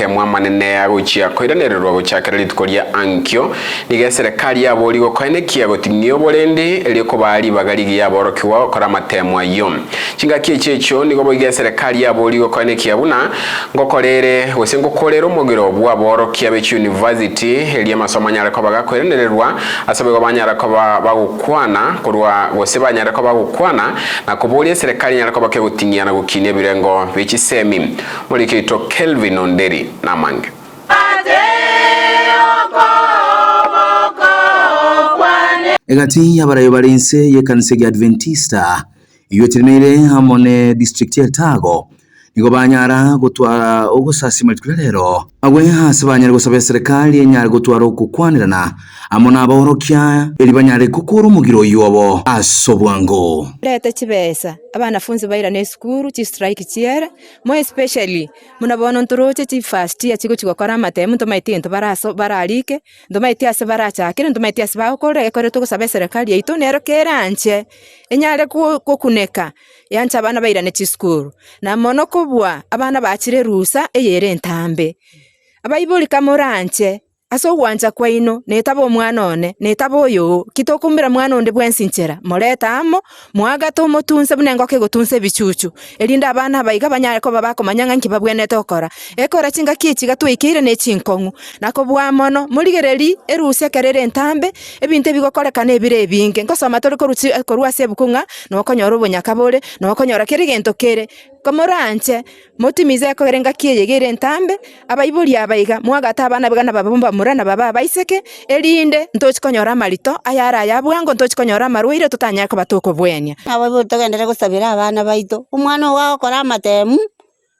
kemwa manene ya guchia kwiranirwa guchakira rituko ria ankyo niga serikali ya buri gukwenekia guting'io burindi rikubari bagali ya boroki wao kora matemwa chinga kie checho nigo boiga serikali ya buri kia buna ngo ngokorere wese ngokorera omogiro bwa kia abechi university elia masomo nyarako bagakwiranirwa asobe go banyarako bagukwana kurwa gose banyarako bagukwana na kuburia serikali nyarako bakegutingia na gukinia birengo bichi semi muri kito Kelvin Onderi na Mange. egati yabarayo barinse y'ekanisa ya Adventista iyo temeire hamone district ya Tago nigo banyara gutwara ugusasima litwila lero agwehasi banyare gusaba eserikali yenyare gutwara ukukwanirana amo nabahorokya eri banyare kukura omugiro oyu obo asobwango leta chibesa abanafunzi baira nesukuru chistrike chiera mo especially muna bono nturuche chifast ya chigo chigokora amatemu ntomaiti ento baraso bararike ntomaiti ase barachakire ntomaiti ase bagokorera ekore tugusaba eserikali yaitu nero keranche enyare kukuneka yancha abana bairane chisukuru na monoko kobwa abana bakire rusa eyere entambe abaiboli kamo aso gwanja kwaino nitaba omwanone nitaba oyoo kitokumbira mwana onde bwensi nchera moreta amo mwaga tomotunse buna engoka egotunsa ebichuchu erinde abana baiga banyare koba bakomanya ng'a nki babwenete okora ekora chingaki echiga twaikeire na echinkong'u nako bwamono morigereri eruse ekero ere entambe ebinto ebigokorekana ebire ebinge nkosoma tori korwa ase ebuku ng'a nokonyora obonyaka bore nokonyora kere egento kere komoranche motimize ekogere ngaki eyegere entambe abaibori abaiga mwagate abana bigana babomba murana baba baiseke erinde konyora marito ayara konyora ntochikonyora tutanya ko batoko bwenya abo togendere gusabira abana baito omwana owa kora amatemu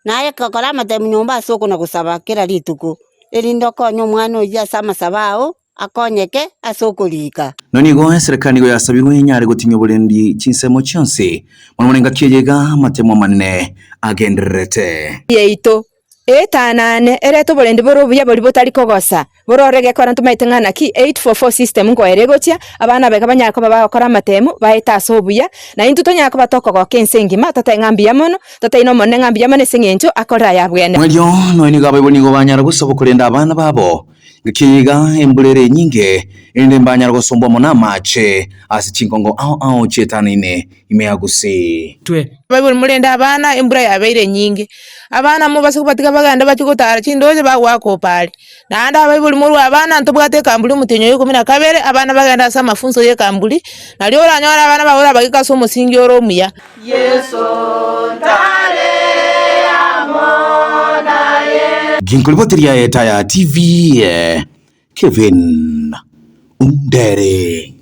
naye kora amatemu nyumba ase na gusaba kera rituko erinde okonye omwana oyo ase amasaba ao akonyeke ase okorika noni igo eserekani igo yasabirwe nyare gutinyo oborendi chinsemo chionsi mono mono ngaki eyeiga amatemo manene yeito ĩtanane ĩrĩa tũbũrendi bũrũbuya bũri bũtari kũgosa borore gekora ntũmaite ng'ana ki 844 system ngoere gũchia abana beka baba bagakora matemu baeta ase obuya na intũ tũnyakoba tokogoka ense ngima ya mono tataina omonene ng'ambia mono ase eng'encho akorera yabwene mwerio noeni gabo ibo nigo banyara gusaba abana babo gkiiga embulere nyinge indi mbanyara gosombwa mona mache asi asichinkongo ao ao chetanine imeaguse twe baburi mulenda abana embura yabeire nyinge abana mo basi kubatika baganda bachikotara chindoje bagwako pale naanda baburi muru abana ntobwate kambuli mutenyo yo kumi na kabere abana baganda sa mafunzo ye kambuli nalyo nyora abana bahora bagikaso musingi oromuya yeso Jinkulipoti lya Etaya TV, Kevin undere